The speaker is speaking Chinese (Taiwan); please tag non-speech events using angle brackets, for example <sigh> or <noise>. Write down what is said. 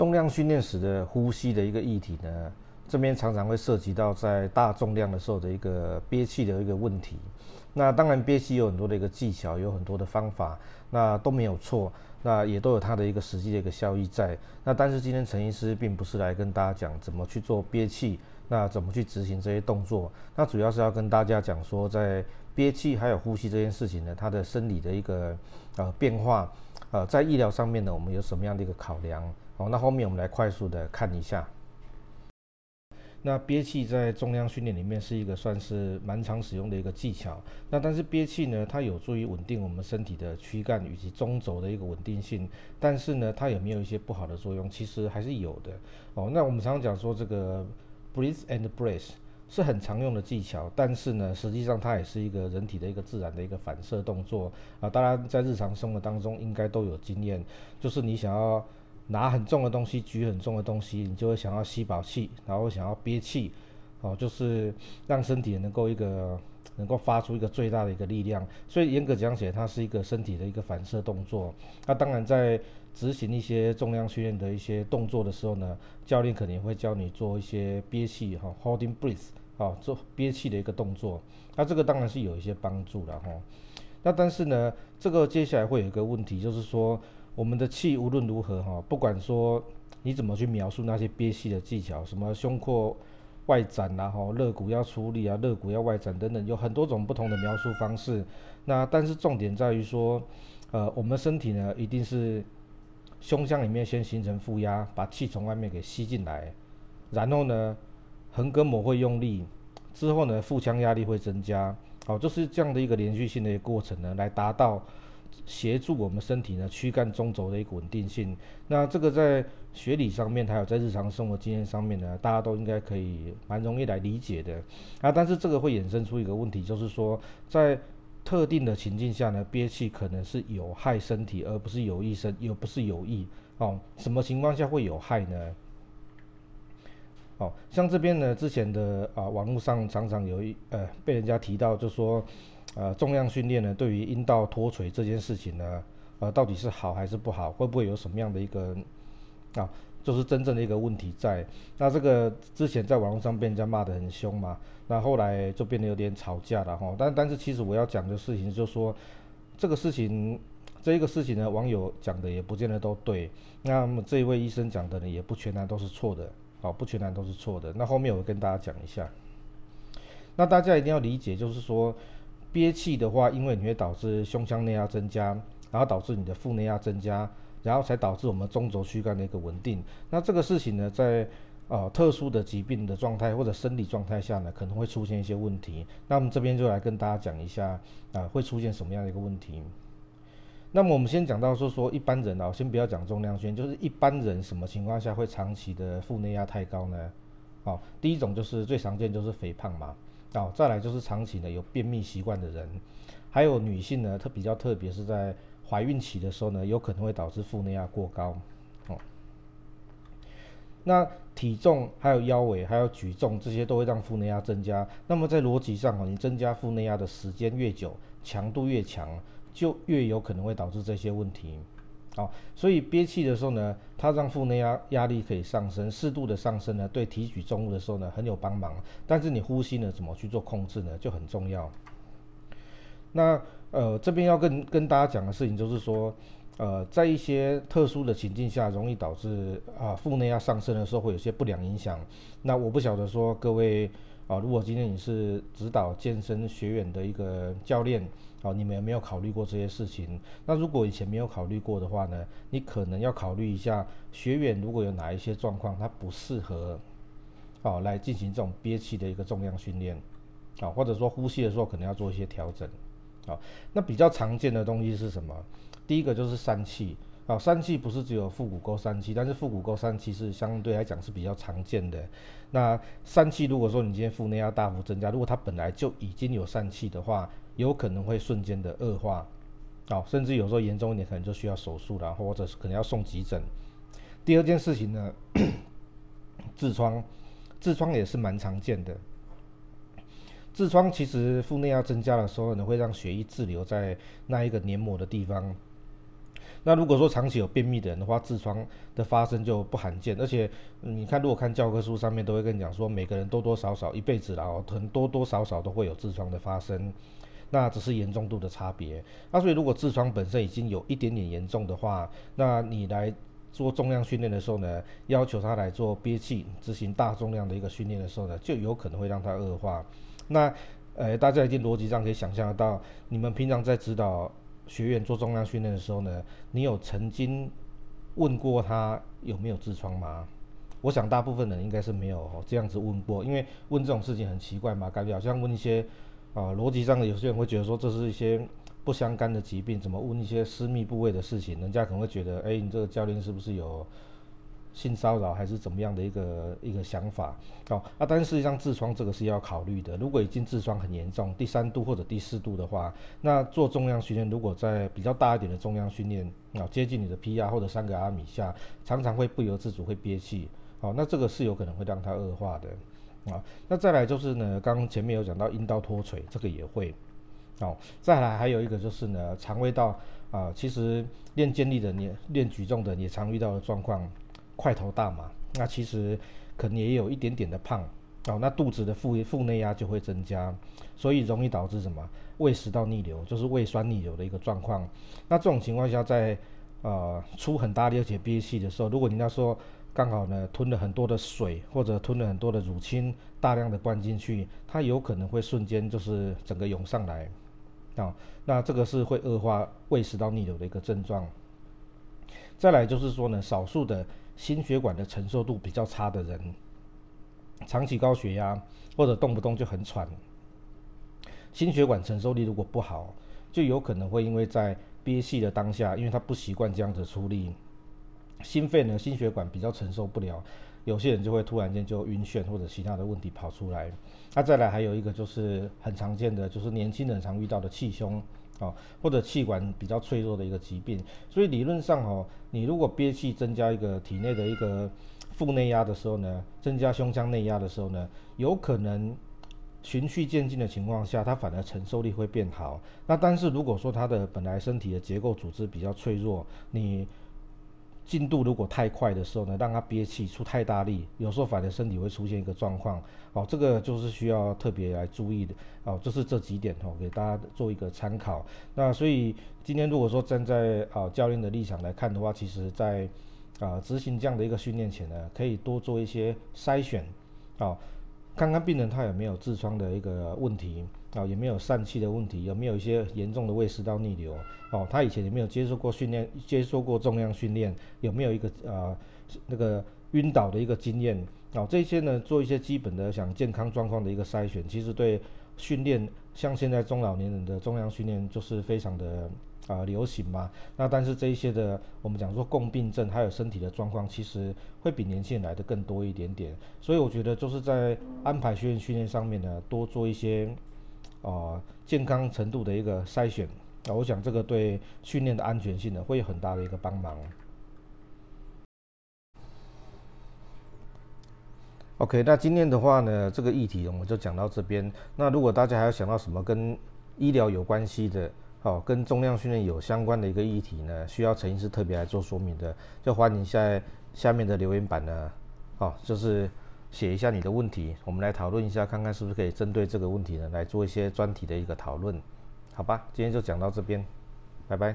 重量訓練時的呼吸的一個議題呢，這邊常常會涉及到在大重量的時候的一個憋氣的一個問題。那當然憋氣有很多的一個技巧，有很多的方法，那都沒有錯，那也都有它的一個實際的一個效益在。那但是今天陳醫師並不是來跟大家講怎麼去做憋氣，那怎麼去執行這些動作，那主要是要跟大家講說，在憋氣還有呼吸這件事情呢，它的生理的一個呃變化，呃，在醫療上面呢，我們有什麼樣的一個考量。好、哦，那後面我們來快速的看一下。那憋氣在重量訓練裡面是一個算是蠻常使用的一個技巧。那但是憋氣呢，它有助於穩定我們身體的軀幹以及中軸的一個穩定性。但是呢，它有沒有一些不好的作用？其實還是有的。哦，那我們常常講說這個 breathe and brace 是很常用的技巧，但是呢，實際上它也是一個人體的一個自然的一個反射動作啊。大家在日常生活當中應該都有經驗，就是你想要。拿很重的東西，舉很重的東西，你就會想要吸飽氣，然後想要憋氣，哦，就是讓身體能夠一個能夠發出一個最大的一個力量。所以嚴格講起來，它是一個身體的一個反射動作。那當然，在執行一些重量訓練的一些動作的時候呢，教練可能也會教你做一些憋氣哈、哦，holding breath，好、哦，做憋氣的一個動作。那這個當然是有一些幫助的。哈、哦。那但是呢，這個接下來會有一個問題，就是說。我們的氣無論如何哈，不管說你怎麼去描述那些憋氣的技巧，什麼胸廓外展啦、啊，哈肋骨要出力啊，肋骨要外展等等，有很多種不同的描述方式。那但是重點在於說，呃，我們身體呢一定是胸腔裡面先形成負壓，把氣從外面給吸進來，然後呢橫膈膜會用力，之後呢腹腔壓力會增加，好、哦，就是這樣的一個連續性的一個過程呢，來達到。協助我們身體呢軀幹中軸的一個穩定性，那這個在學理上面，還有在日常生活經驗上面呢，大家都應該可以蠻容易來理解的啊。但是這個會衍生出一個問題，就是說在特定的情境下呢，憋氣可能是有害身體，而不是有益身，也不是有益哦。什麼情況下會有害呢？哦，像這邊呢，之前的啊網絡上常常有一呃被人家提到，就說。呃，重量訓練呢，對於陰道脫垂這件事情呢，呃，到底是好還是不好？會不會有什麼樣的一個啊，就是真正的一個問題在？那這個之前在網絡上被人家罵得很凶嘛，那後來就變得有點吵架了哈。但但是其實我要講的事情就是說，就說這個事情，這一個事情呢，網友講的也不見得都對。那麼這一位醫生講的呢，也不全然都是錯的，好、啊，不全然都是錯的。那後面我會跟大家講一下。那大家一定要理解，就是說。憋氣的話，因為你會導致胸腔內壓增加，然後導致你的腹內壓增加，然後才導致我們中軸軀幹的一個穩定。那這個事情呢，在呃特殊的疾病的狀態或者生理狀態下呢，可能會出現一些問題。那我們這邊就來跟大家講一下啊、呃，會出現什麼樣的一個問題？那麼我們先講到說說一般人啊，先不要講重量訓練，就是一般人什麼情況下會長期的腹內壓太高呢？哦，第一種就是最常見就是肥胖嘛。哦，再來就是長期呢有便秘習慣的人，還有女性呢，她比較特別是，在懷孕期的時候呢，有可能會導致腹內壓過高。哦，那體重還有腰圍還有舉重這些都會讓腹內壓增加。那麼在邏輯上哦，你增加腹內壓的時間越久，強度越強，就越有可能會導致這些問題。所以憋氣的時候呢，它讓腹內壓壓力可以上升，適度的上升呢，對提取重物的時候呢很有幫忙。但是你呼吸呢怎麼去做控制呢，就很重要。那呃這邊要跟跟大家講的事情就是說，呃在一些特殊的情境下，容易導致啊、呃、腹內壓上升的時候會有些不良影響。那我不曉得說各位。啊，如果今天你是指導健身學員的一個教練，哦，你們有沒有考慮過這些事情，那如果以前沒有考慮過的話呢，你可能要考慮一下學員如果有哪一些狀況，他不適合，哦，來進行這種憋氣的一個重量訓練，啊，或者說呼吸的時候可能要做一些調整，啊，那比較常見的東西是什麼？第一個就是疝氣。好，疝氣不是只有腹股溝疝氣，但是腹股溝疝氣是相對來講是比較常見的。那疝氣如果說你今天腹內壓大幅增加，如果它本來就已經有疝氣的話，有可能會瞬間的惡化，好、哦，甚至有時候嚴重一點，可能就需要手術啦，或者是可能要送急診。第二件事情呢，痔瘡， <coughs> 痔瘡也是蠻常見的。痔瘡其實腹內壓增加的時候，呢，會讓血液滯留在那一個黏膜的地方。那如果說長期有便秘的人的話，痔瘡的發生就不罕見。而且你看，如果看教科書上面都會跟你講說，每個人多多少少一輩子然後很多多少少都會有痔瘡的發生，那只是嚴重度的差別。那所以如果痔瘡本身已經有一點點嚴重的話，那你來做重量訓練的時候呢，要求他來做憋氣，執行大重量的一個訓練的時候呢，就有可能會讓他惡化。那呃，大家一定邏輯上可以想象得到，你們平常在指導。學員做重量訓練的時候呢，你有曾經問過他有沒有痔瘡嗎？我想大部分人應該是沒有這樣子問過，因為問這種事情很奇怪嘛，感覺好像問一些啊邏輯上的，有些人會覺得說，這是一些不相干的疾病，怎麼問一些私密部位的事情？人家可能會覺得，哎、欸，你這個教練是不是有？性騷擾還是怎麼樣的一個一個想法，好、哦、啊，但是實際上痔瘡這個是要考慮的。如果已經痔瘡很嚴重，第三度或者第四度的話，那做重量訓練如果在比較大一點的重量訓練啊，接近你的 PR 或者三個 RM 以下，常常會不由自主會憋氣，好、哦，那這個是有可能會讓它惡化的啊、哦。那再來就是呢，剛前面有講到陰道脫垂，這個也會，好、哦，再來還有一個就是呢，腸胃道啊，其實練健力的、練練舉重的也常遇到的狀況。塊頭大嘛？那其實可能也有一點點的胖哦。那肚子的腹腹內壓就會增加，所以容易導致什麼？胃食道逆流，就是胃酸逆流的一個狀況。那這種情況下在，在呃出很大的力而且憋氣的時候，如果你那時候剛好呢吞了很多的水或者吞了很多的乳清，大量的灌進去，它有可能會瞬間就是整個湧上來啊、哦。那這個是會惡化胃食道逆流的一個症狀。再來就是說呢，少數的。心血管的承受度比較差的人，長期高血壓或者動不動就很喘，心血管承受力如果不好，就有可能會因為在憋氣的當下，因為他不習慣這樣子出力，心肺呢，心血管比較承受不了，有些人就會突然間就暈眩或者其他的問題跑出來。那、啊、再來還有一個就是很常見的，就是年輕人常遇到的氣胸。哦，或者氣管比較脆弱的一個疾病，所以理論上哦，你如果憋氣增加一個體內的一個腹內壓的時候呢，增加胸腔內壓的時候呢，有可能循序漸進的情況下，它反而承受力會變好。那但是如果說它的本來身體的結構組織比較脆弱，你。進度如果太快的時候呢，讓他憋氣出太大力，有時候反而身體會出現一個狀況。好，這個就是需要特別來注意的。好，就是這幾點哦，給大家做一個參考。那所以今天如果說站在啊教練的立場來看的話，其實在啊執行這樣的一個訓練前呢，可以多做一些篩選，好。看看病人他有沒有痔瘡的一個問題啊，有、哦、沒有疝氣的問題，有沒有一些嚴重的胃食道逆流哦？他以前有沒有接受過訓練，接受過重量訓練？有沒有一個呃那個暈倒的一個經驗啊、哦？這些呢，做一些基本的想健康狀況的一個篩選，其實對訓練，像現在中老年人的重量訓練就是非常的。啊、呃，流行嘛，那但是這一些的，我們講說共病症還有身體的狀況，其實會比年輕人來的更多一點點。所以我覺得就是在安排學員訓練上面呢，多做一些啊、呃、健康程度的一個篩選。那、呃、我想這個對訓練的安全性呢，會有很大的一個幫忙。OK，那今天的話呢，這個議題我們就講到這邊。那如果大家還要想到什麼跟醫療有關係的，好、哦，跟重量訓練有相關的一個議題呢，需要陳醫師特別來做說明的，就歡迎在下，下面的留言板呢，好、哦，就是寫一下你的問題，我們來討論一下，看看是不是可以針對這個問題呢來做一些專題的一個討論，好吧，今天就講到這邊，拜拜。